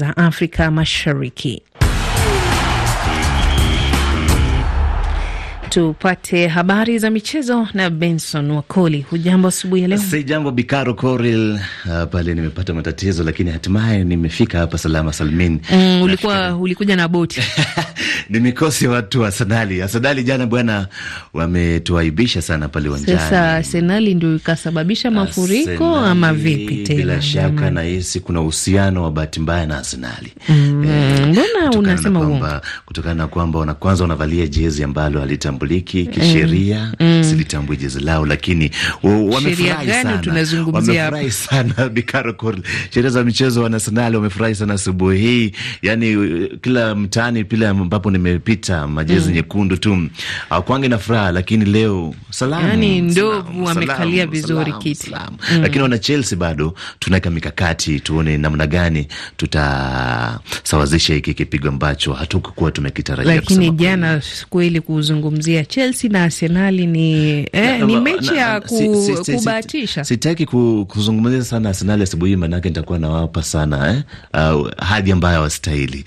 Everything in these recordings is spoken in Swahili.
za Afrika Mashariki. Tupate habari za michezo na Benson Wakoli. Hujambo asubuhi ya leo? Si jambo Bikaro Koril. Uh, pale nimepata matatizo, lakini hatimaye nimefika hapa salama salmin. Mm, ulikuwa ulikuja na boti ni Nimekosi watu wa Senali. Senali jana bwana, wametuaibisha sana pale uwanjani. Sasa Senali ndio ikasababisha mafuriko ama vipi? Tena bila shaka nahisi kuna uhusiano wa bahati mbaya na Arsenali. Mbona mm, eh, unasema uongo? Kutokana na kwamba kwanza wanavalia jezi ambalo halitambuliki zitambuliki mm. kisheria mm. silitambui jezi lao, lakini wamefurahi sana, wamefurahi sana bikaro sheria za michezo. Wanasenali wamefurahi sana asubuhi hii, yani kila mtaani pile ambapo nimepita majezi mm. nyekundu tu akwange ah, na furaha, lakini leo salamu, yani ndovu wamekalia vizuri kiti mm. lakini wana Chelsea bado tunaweka mikakati, tuone namna gani tutasawazisha hiki kipigo ambacho hatukukuwa tumekitarajia, lakini jana kweli kuzungumzia kati ya Chelsea na Arsenal ni, eh, na, ni mechi ya ku, si, si, si, kubahatisha. Sitaki ku, kuzungumzia sana Arsenali asubuhi, manake nitakuwa nawapa sana eh, uh, hadhi ambayo hawastahili.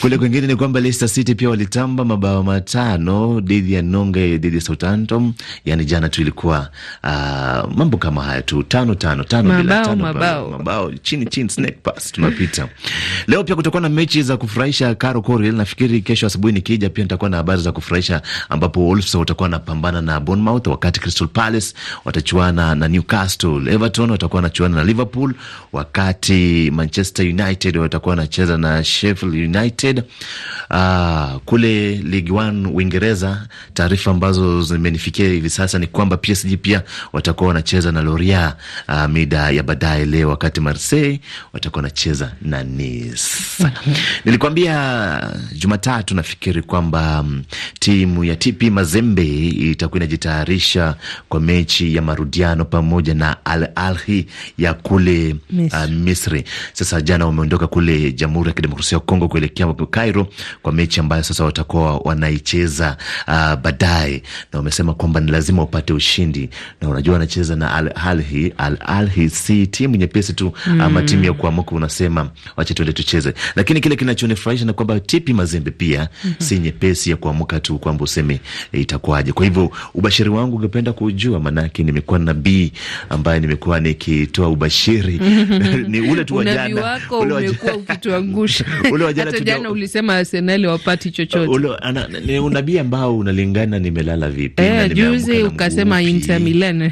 Kule kwingine ni kwamba Leicester City pia walitamba mabao matano dhidi ya nonge dhidi ya Southampton, yani jana tu ilikuwa uh, mambo kama haya tu tano tano tano mabao, bila tano mabao, mabao chini chini, snake pass tunapita. Leo pia kutakuwa na mechi za kufurahisha Karo Koril, nafikiri kesho asubuhi nikija pia nitakuwa na habari za kufurahisha ambapo Wolves watakuwa wanapambana na Bournemouth, wakati Crystal Palace watachuana na Newcastle. Everton watakuwa wanachuana na Liverpool, wakati Manchester United watakuwa wanacheza na Sheffield United. Uh, kule League One Uingereza, taarifa ambazo zimenifikia hivi sasa ni kwamba PSG pia watakuwa wanacheza na Loria uh, mida ya baadaye leo, wakati Marseille watakuwa wanacheza na Nice. Nilikwambia Jumatatu nafikiri kwamba mm, timu ya TP Mazembe itakuwa inajitayarisha kwa mechi ya marudiano pamoja na Al Ahly ya kule Misri. Uh, Misri sasa jana wameondoka kule Jamhuri ya Kidemokrasia ya Kongo kuelekea Cairo kwa mechi ambayo sasa watakuwa wanaicheza uh, baadaye, na wamesema kwamba ni lazima wapate ushindi, na unajua wanacheza na Al Ahly. Al Ahly si timu nyepesi tu mm. ama timu ya kuamuka, unasema wacha tuende tucheze, lakini kile kinachonifurahisha ni kwamba TP Mazembe pia mm -hmm. si nyepesi ya kuamuka tu kwamba useme Eh, itakuwaje? Kwa hivyo ubashiri wangu ungependa kujua, maanake nimekuwa nabii ambaye nimekuwa nikitoa ubashiri ni ule tu wajana ule umekuwa ukituangusha ule wajana tu jana ulisema Arsenal wapati chochote ule ana, ni unabii ambao unalingana nimelala vipi eh, juzi ukasema Inter Milan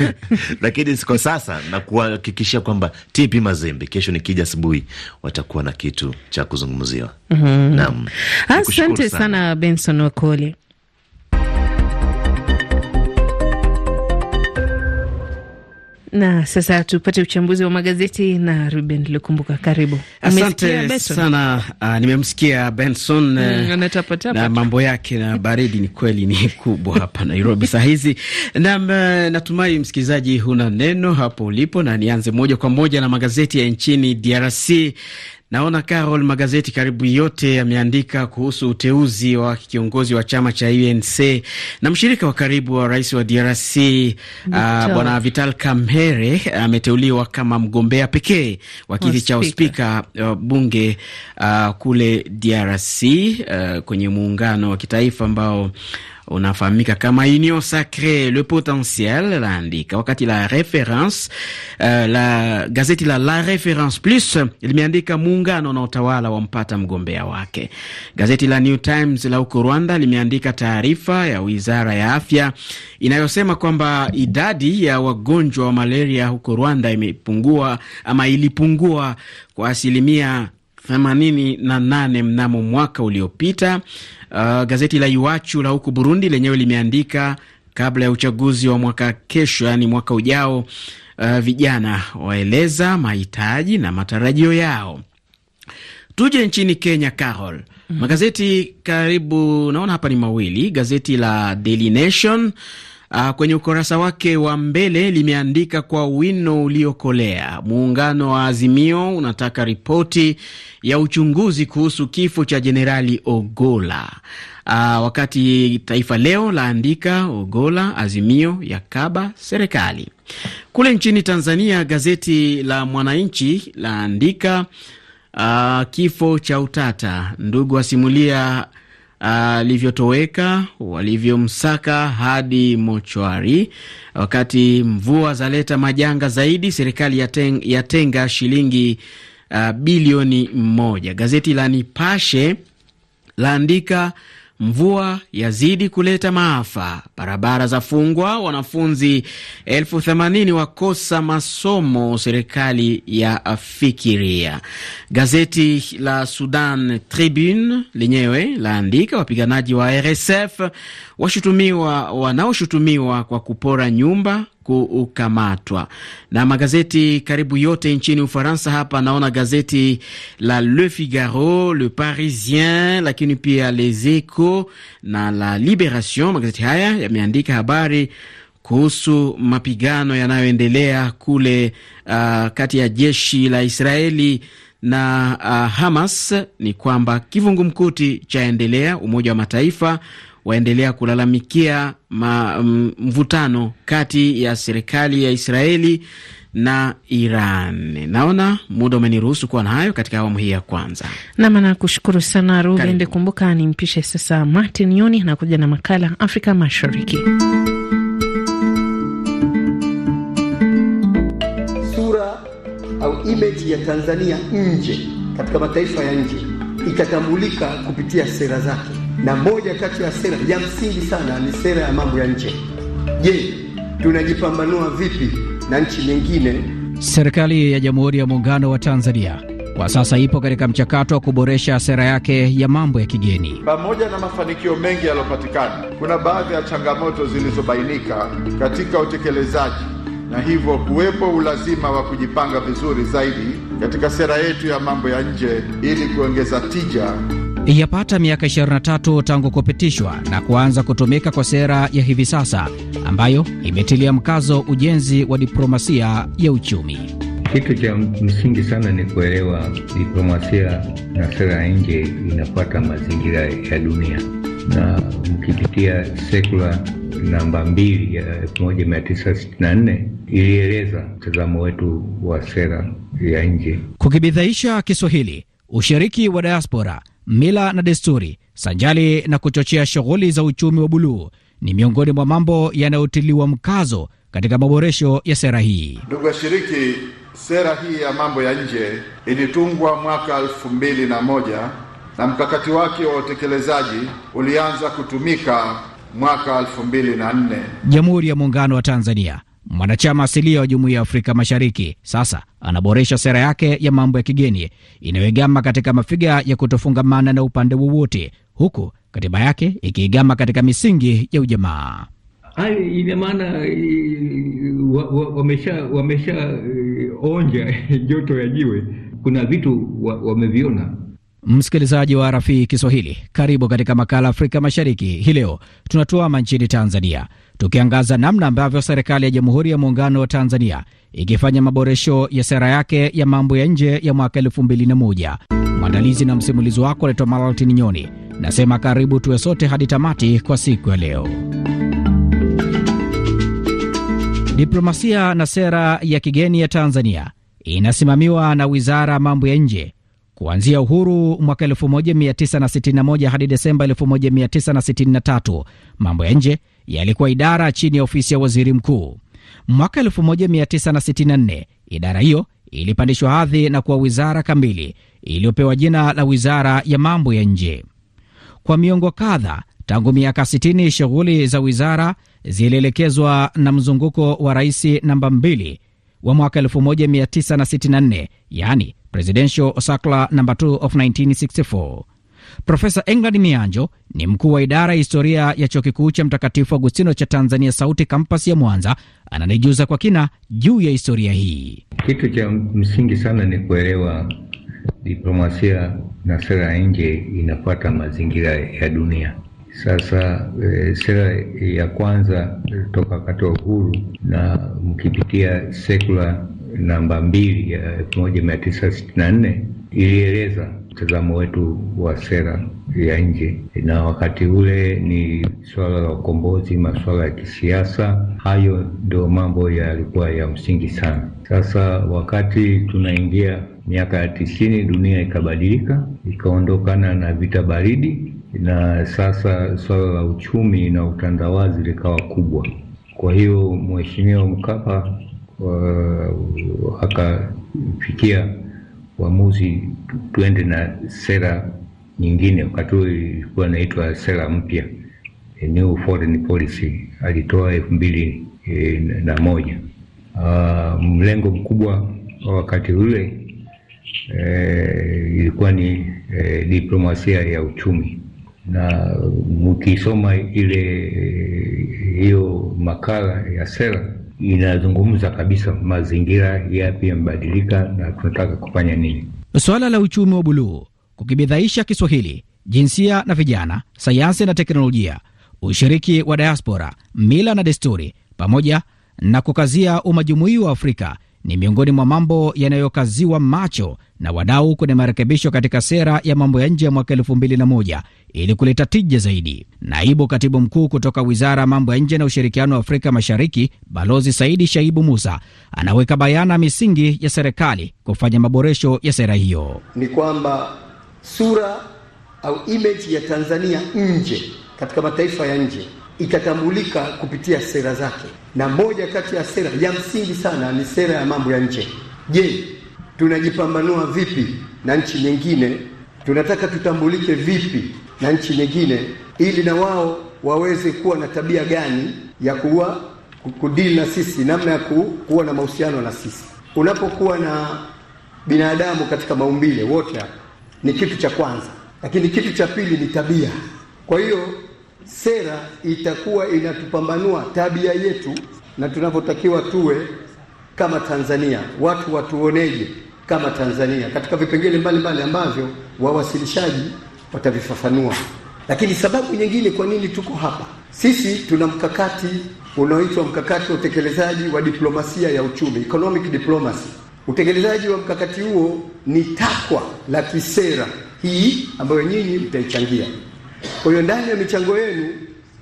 lakini siko sasa na kuhakikishia kwamba TP Mazembe kesho nikija asubuhi watakuwa na kitu cha kuzungumziwa. mm -hmm. Naam, asante sana Benson Wakoli. Na sasa tupate uchambuzi wa magazeti na Ruben Lukumbuka, karibu. Asante sana. Uh, nimemsikia Benson mm, uh, na mambo yake na baridi ni kweli ni kubwa hapa Nairobi saa hizi. nam eh, natumai msikilizaji huna neno hapo ulipo, na nianze moja kwa moja na magazeti ya nchini DRC Naona Carol, magazeti karibu yote yameandika kuhusu uteuzi wa kiongozi wa chama cha UNC na mshirika wa karibu wa rais wa DRC uh, bwana Vital Kamerhe ameteuliwa kama mgombea pekee wa kiti cha uspika wa uh, bunge uh, kule DRC uh, kwenye muungano wa kitaifa ambao unafahamika kama Union sacre Le Potentiel laandika, wakati la Reference uh, la gazeti la La Reference Plus limeandika muungano na utawala wampata mgombea wake. Gazeti la New Times la huko Rwanda limeandika taarifa ya wizara ya afya inayosema kwamba idadi ya wagonjwa wa malaria huko Rwanda imepungua ama ilipungua kwa asilimia 88 mnamo mwaka uliopita. Uh, gazeti la Iwachu la huku Burundi lenyewe limeandika kabla ya uchaguzi wa mwaka kesho, yaani mwaka ujao, uh, vijana waeleza mahitaji na matarajio yao. Tuje nchini Kenya, Carol. Mm -hmm. Magazeti karibu naona hapa ni mawili, gazeti la Daily Nation Uh, kwenye ukurasa wake wa mbele limeandika kwa wino uliokolea, muungano wa Azimio unataka ripoti ya uchunguzi kuhusu kifo cha Jenerali Ogola. Uh, wakati Taifa Leo laandika Ogola, Azimio ya kaba serikali. Kule nchini Tanzania gazeti la Mwananchi laandika uh, kifo cha utata, ndugu asimulia alivyotoweka, walivyomsaka hadi mochwari. Wakati mvua zaleta majanga zaidi, serikali yateng, yatenga shilingi uh, bilioni moja. Gazeti la Nipashe laandika mvua yazidi kuleta maafa, barabara za fungwa, wanafunzi elfu themanini wakosa masomo, serikali ya fikiria. Gazeti la Sudan Tribune lenyewe laandika wapiganaji wa RSF washutumiwa, wanaoshutumiwa kwa kupora nyumba kukamatwa. Na magazeti karibu yote nchini Ufaransa, hapa naona gazeti la Le Figaro, Le Parisien, lakini pia Les Echos na la Liberation. Magazeti haya yameandika habari kuhusu mapigano yanayoendelea kule uh, kati ya jeshi la Israeli na uh, Hamas. Ni kwamba kivungumkuti chaendelea. Umoja wa Mataifa waendelea kulalamikia ma, mm, mvutano kati ya serikali ya Israeli na Iran. Naona muda umeniruhusu kuwa na hayo katika awamu hii ya kwanza. Nam, nakushukuru sana Rubende. Kumbuka ni mpishe sasa Martin Yoni anakuja na makala Afrika Mashariki. Sura au imeji ya Tanzania nje katika mataifa ya nje itatambulika kupitia sera zake na moja kati ya sera ya msingi sana ni sera ya mambo ya nje. Je, tunajipambanua vipi na nchi nyingine? Serikali ya Jamhuri ya Muungano wa Tanzania kwa sasa ipo katika mchakato wa kuboresha sera yake ya mambo ya kigeni. Pamoja na mafanikio mengi yaliyopatikana, kuna baadhi ya changamoto zilizobainika katika utekelezaji, na hivyo kuwepo ulazima wa kujipanga vizuri zaidi katika sera yetu ya mambo ya nje ili kuongeza tija. Yapata miaka 23 tangu kupitishwa na kuanza kutumika kwa sera ya hivi sasa ambayo imetilia mkazo ujenzi wa diplomasia ya uchumi. Kitu cha msingi sana ni kuelewa diplomasia na sera ya nje inafuata mazingira ya dunia, na mkipitia sekula namba mbili ya nne ilieleza mtazamo wetu wa sera ya nje. Kukibidhaisha Kiswahili, ushiriki wa diaspora mila na desturi, sanjali na kuchochea shughuli za uchumi wa buluu ni miongoni mwa mambo yanayotiliwa mkazo katika maboresho ya sera hii. Ndugu washiriki, sera hii ya mambo ya nje ilitungwa mwaka elfu mbili na moja na mkakati wake wa utekelezaji ulianza kutumika mwaka elfu mbili na nne. Jamhuri ya Muungano wa Tanzania mwanachama asilia wa Jumuiya ya Afrika Mashariki, sasa anaboresha sera yake ya mambo ya kigeni inayoigama katika mafiga ya kutofungamana na upande wowote, huku katiba yake ikiigama katika misingi ya ujamaa. Ina maana eh, wa, wa wa eh, joto ya jiwe. Kuna vitu wameviona wa Msikilizaji wa Rafii Kiswahili, karibu katika makala Afrika Mashariki. Hii leo tunatuama nchini Tanzania, tukiangaza namna ambavyo serikali ya Jamhuri ya Muungano wa Tanzania ikifanya maboresho ya sera yake ya mambo ya nje ya mwaka 21 Mwandalizi na msimulizi wako anaitwa Malaltin Nyoni. Nasema karibu tuwe sote hadi tamati kwa siku ya leo. Diplomasia na sera ya kigeni ya Tanzania inasimamiwa na Wizara ya Mambo ya Nje Kuanzia uhuru mwaka 1961 hadi Desemba 1963 mambo ya nje yalikuwa idara chini ya ofisi ya waziri mkuu. Mwaka 1964 idara hiyo ilipandishwa hadhi na kuwa wizara kamili iliyopewa jina la wizara ya mambo ya nje. Kwa miongo kadha tangu miaka 60 shughuli za wizara zilielekezwa na mzunguko wa rais namba 2 wa mwaka 1964, yani Presidential Osakla number 2 of 1964. Profesa England Mianjo ni mkuu wa idara ya historia ya chuo kikuu cha Mtakatifu Agustino cha Tanzania Sauti kampasi ya Mwanza, ananijuza kwa kina juu ya historia hii. Kitu cha msingi sana ni kuelewa diplomasia na sera ya nje inafuata mazingira ya dunia. Sasa e, sera ya kwanza toka wakati wa uhuru na mkipitia sekula namba mbili ya elfu moja mia tisa sitini na nne ilieleza mtazamo wetu wa sera ya nje, na wakati ule ni suala la ukombozi, masuala ya kisiasa. Hayo ndio mambo yalikuwa ya msingi sana. Sasa wakati tunaingia miaka ya tisini, dunia ikabadilika, ikaondokana na vita baridi, na sasa suala la uchumi na utandawazi likawa kubwa. Kwa hiyo Mheshimiwa Mkapa akafikia uamuzi tuende na sera nyingine. Wakati huo ilikuwa inaitwa sera mpya, new foreign policy, alitoa elfu mbili e, na moja. Uh, mlengo mkubwa wa wakati ule e, ilikuwa ni e, diplomasia ya uchumi, na mkisoma ile e, hiyo makala ya sera inazungumza kabisa mazingira yapi yamebadilika na tunataka kufanya nini. Suala la uchumi wa buluu, kukibidhaisha Kiswahili, jinsia na vijana, sayansi na teknolojia, ushiriki wa diaspora, mila na desturi, pamoja na kukazia umajumui wa Afrika ni miongoni mwa mambo yanayokaziwa macho na wadau kwenye marekebisho katika sera ya mambo ya nje ya mwaka moja ili kuleta tija zaidi. Naibu katibu mkuu kutoka Wizara ya Mambo ya Nje na Ushirikiano wa Afrika Mashariki, Balozi Saidi Shaibu Musa, anaweka bayana misingi ya serikali kufanya maboresho ya sera hiyo. Ni kwamba sura au imeji ya Tanzania nje katika mataifa ya nje itatambulika kupitia sera zake, na moja kati ya sera ya msingi sana ni sera ya mambo ya nje. Je, tunajipambanua vipi na nchi nyingine? Tunataka tutambulike vipi na nchi nyingine, ili na wao waweze kuwa na tabia gani ya kuwa kudili na sisi, namna ya kuwa na mahusiano na sisi. Unapokuwa na binadamu katika maumbile wote, hapa ni kitu cha kwanza, lakini kitu cha pili ni tabia. Kwa hiyo sera itakuwa inatupambanua tabia yetu na tunavyotakiwa tuwe kama Tanzania, watu watuoneje kama Tanzania, katika vipengele mbalimbali ambavyo wawasilishaji watavifafanua. Lakini sababu nyingine kwa nini tuko hapa, sisi tuna mkakati unaoitwa mkakati wa utekelezaji wa diplomasia ya uchumi, economic diplomacy. Utekelezaji wa mkakati huo ni takwa la kisera hii ambayo nyinyi mtaichangia. Kwa hiyo ndani ya michango yenu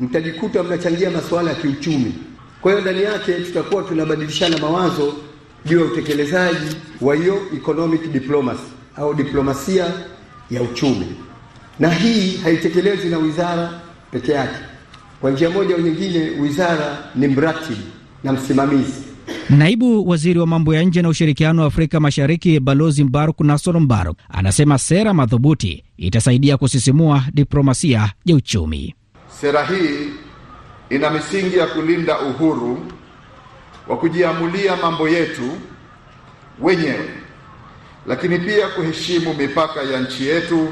mtajikuta mnachangia masuala ya kiuchumi. Kwa hiyo ndani yake tutakuwa tunabadilishana mawazo juu ya utekelezaji wa hiyo economic diplomacy au diplomasia ya uchumi, na hii haitekelezwi na wizara peke yake. Kwa njia moja au nyingine, wizara ni mratibu na msimamizi Naibu waziri wa mambo ya nje na ushirikiano wa Afrika Mashariki Balozi Mbaruk Nasor Mbaruk anasema sera madhubuti itasaidia kusisimua diplomasia ya uchumi. Sera hii ina misingi ya kulinda uhuru wa kujiamulia mambo yetu wenyewe, lakini pia kuheshimu mipaka ya nchi yetu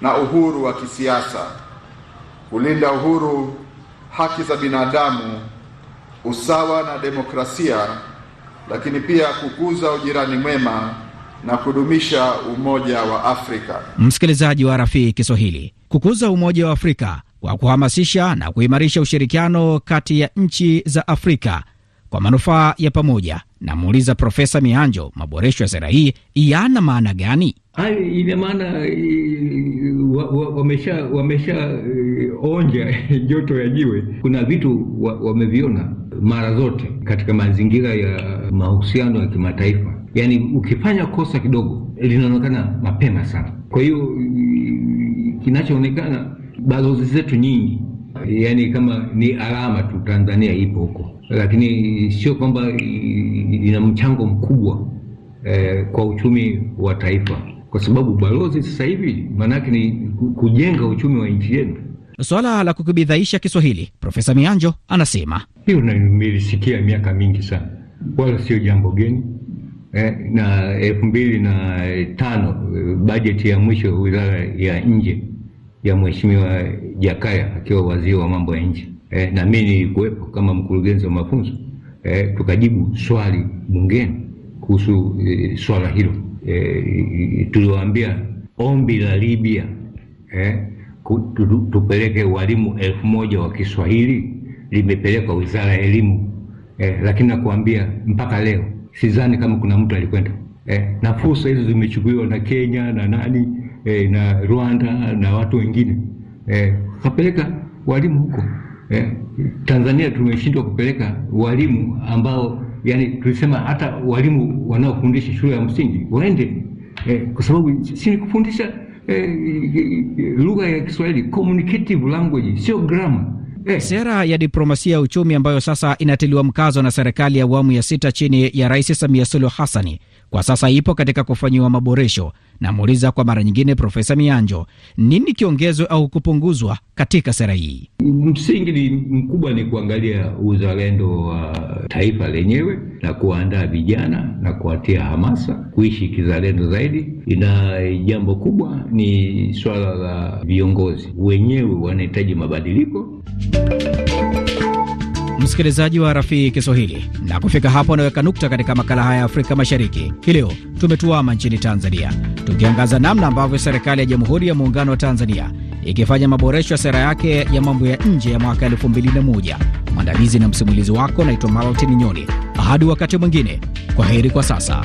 na uhuru wa kisiasa, kulinda uhuru, haki za binadamu usawa na demokrasia, lakini pia kukuza ujirani mwema na kudumisha umoja wa Afrika. Msikilizaji wa Rafii Kiswahili, kukuza umoja wa Afrika kwa kuhamasisha na kuimarisha ushirikiano kati ya nchi za Afrika kwa manufaa ya pamoja. Namuuliza Profesa Mianjo, maboresho ya sera hii yana maana gani? Ina maana wamesha onja joto ya jiwe. Kuna vitu wameviona mara zote katika mazingira ya mahusiano ya kimataifa, yaani ukifanya kosa kidogo linaonekana mapema sana. Kwa hiyo kinachoonekana, balozi zetu nyingi yani kama ni alama tu Tanzania ipo huko, lakini sio kwamba ina mchango mkubwa eh, kwa uchumi wa taifa, kwa sababu balozi sasa hivi maanake ni kujenga uchumi wa nchi yetu. Swala la kukibidhaisha Kiswahili, Profesa Mianjo anasema hiyo nimelisikia miaka mingi sana, wala sio jambo geni eh, na elfu mbili na tano eh, bajeti ya mwisho wizara ya nje ya Mheshimiwa Jakaya akiwa waziri wa mambo ya nje e, na mimi nilikuwepo kama mkurugenzi wa mafunzo e, tukajibu swali bungeni kuhusu e, swala hilo e, tuliwaambia ombi la Libya e, tupeleke walimu elfu moja wa Kiswahili limepelekwa wizara ya elimu e, lakini nakuambia mpaka leo sidhani kama kuna mtu alikwenda eh, na fursa hizo zimechukuliwa na Kenya na nani eh, na Rwanda na watu wengine eh, kapeleka walimu huko eh, Tanzania tumeshindwa kupeleka walimu ambao yani tulisema hata walimu wanaofundisha shule ya msingi waende eh, kwa sababu si kufundisha eh, lugha ya Kiswahili communicative language sio grammar. Eh. Sera ya diplomasia ya uchumi ambayo sasa inatiliwa mkazo na serikali ya awamu ya sita chini ya Rais Samia Suluhu Hassani kwa sasa ipo katika kufanyiwa maboresho. Namuuliza kwa mara nyingine Profesa Mianjo, nini kiongezwe au kupunguzwa katika sera hii? Msingi ni mkubwa ni kuangalia uzalendo wa taifa lenyewe na kuwaandaa vijana na kuwatia hamasa kuishi kizalendo zaidi. Ina jambo kubwa ni swala la viongozi wenyewe, wanahitaji mabadiliko msikilizaji wa Rafii Kiswahili, na kufika hapo anaweka nukta katika makala haya ya Afrika Mashariki. Hii leo tumetuama nchini Tanzania, tukiangaza namna ambavyo serikali ya Jamhuri ya Muungano wa Tanzania ikifanya maboresho ya sera yake ya mambo ya nje ya mwaka 21 Mwandalizi na msimulizi wako naitwa Martin Nyoni. Hadi wakati mwingine, kwa heri kwa sasa.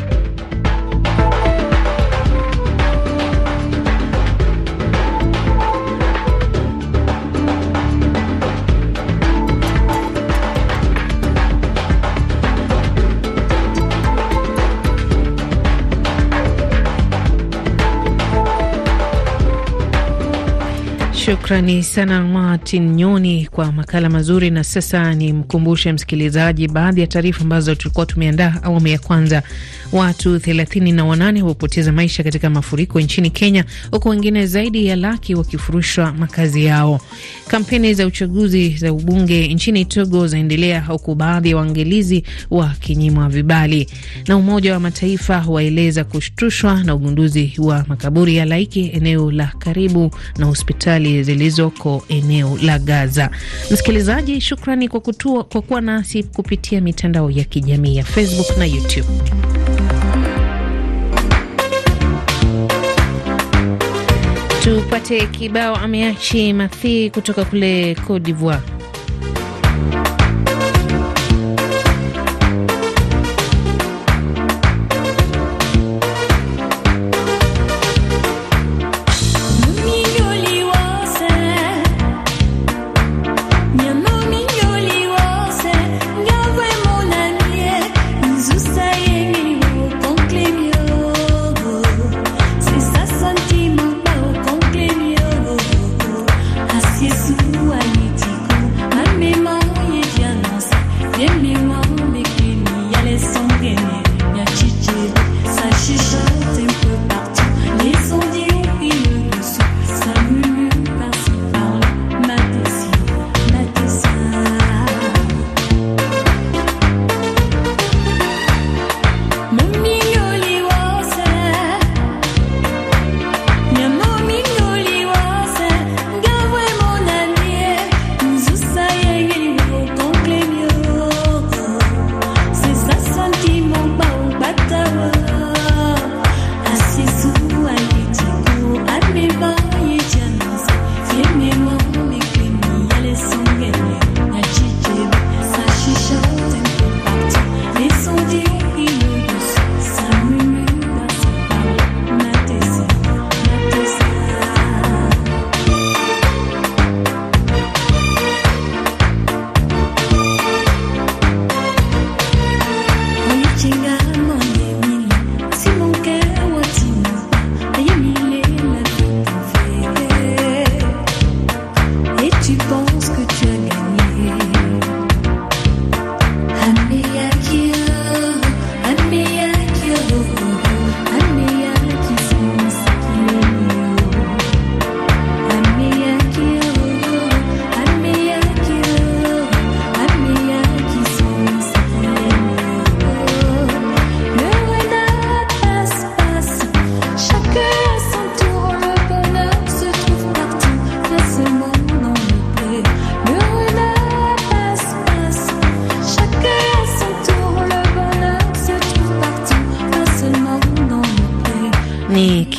Shukrani sana Martin Nyoni kwa makala mazuri. Na sasa ni mkumbushe msikilizaji baadhi ya taarifa ambazo tulikuwa tumeandaa awamu ya kwanza. Watu thelathini na wanane wapoteza maisha katika mafuriko nchini Kenya, huku wengine zaidi ya laki wakifurushwa makazi yao. Kampeni za uchaguzi za ubunge nchini Togo zaendelea, huku baadhi ya waangalizi wakinyimwa vibali. Na Umoja wa Mataifa waeleza kushtushwa na ugunduzi wa makaburi ya laiki eneo la karibu na hospitali zilizoko eneo la Gaza. Msikilizaji, shukrani kwa, kutua, kwa kuwa nasi kupitia mitandao ya kijamii ya Facebook na YouTube. Tupate kibao ameachi mathi kutoka kule Cote d'Ivoire.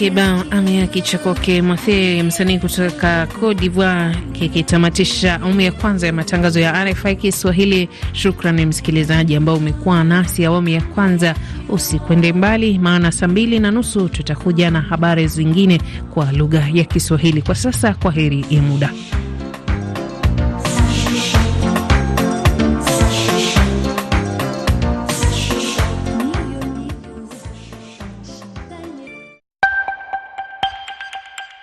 kibao ameakicha kwake Mwathe, msanii kutoka Cote d'Ivoire, kikitamatisha awamu ya kwanza ya matangazo ya RFI Kiswahili. Shukrani msikilizaji ambao umekuwa nasi awamu ya kwanza. Usikwende mbali, maana saa mbili na nusu tutakuja na habari zingine kwa lugha ya Kiswahili. Kwa sasa, kwa heri ya muda.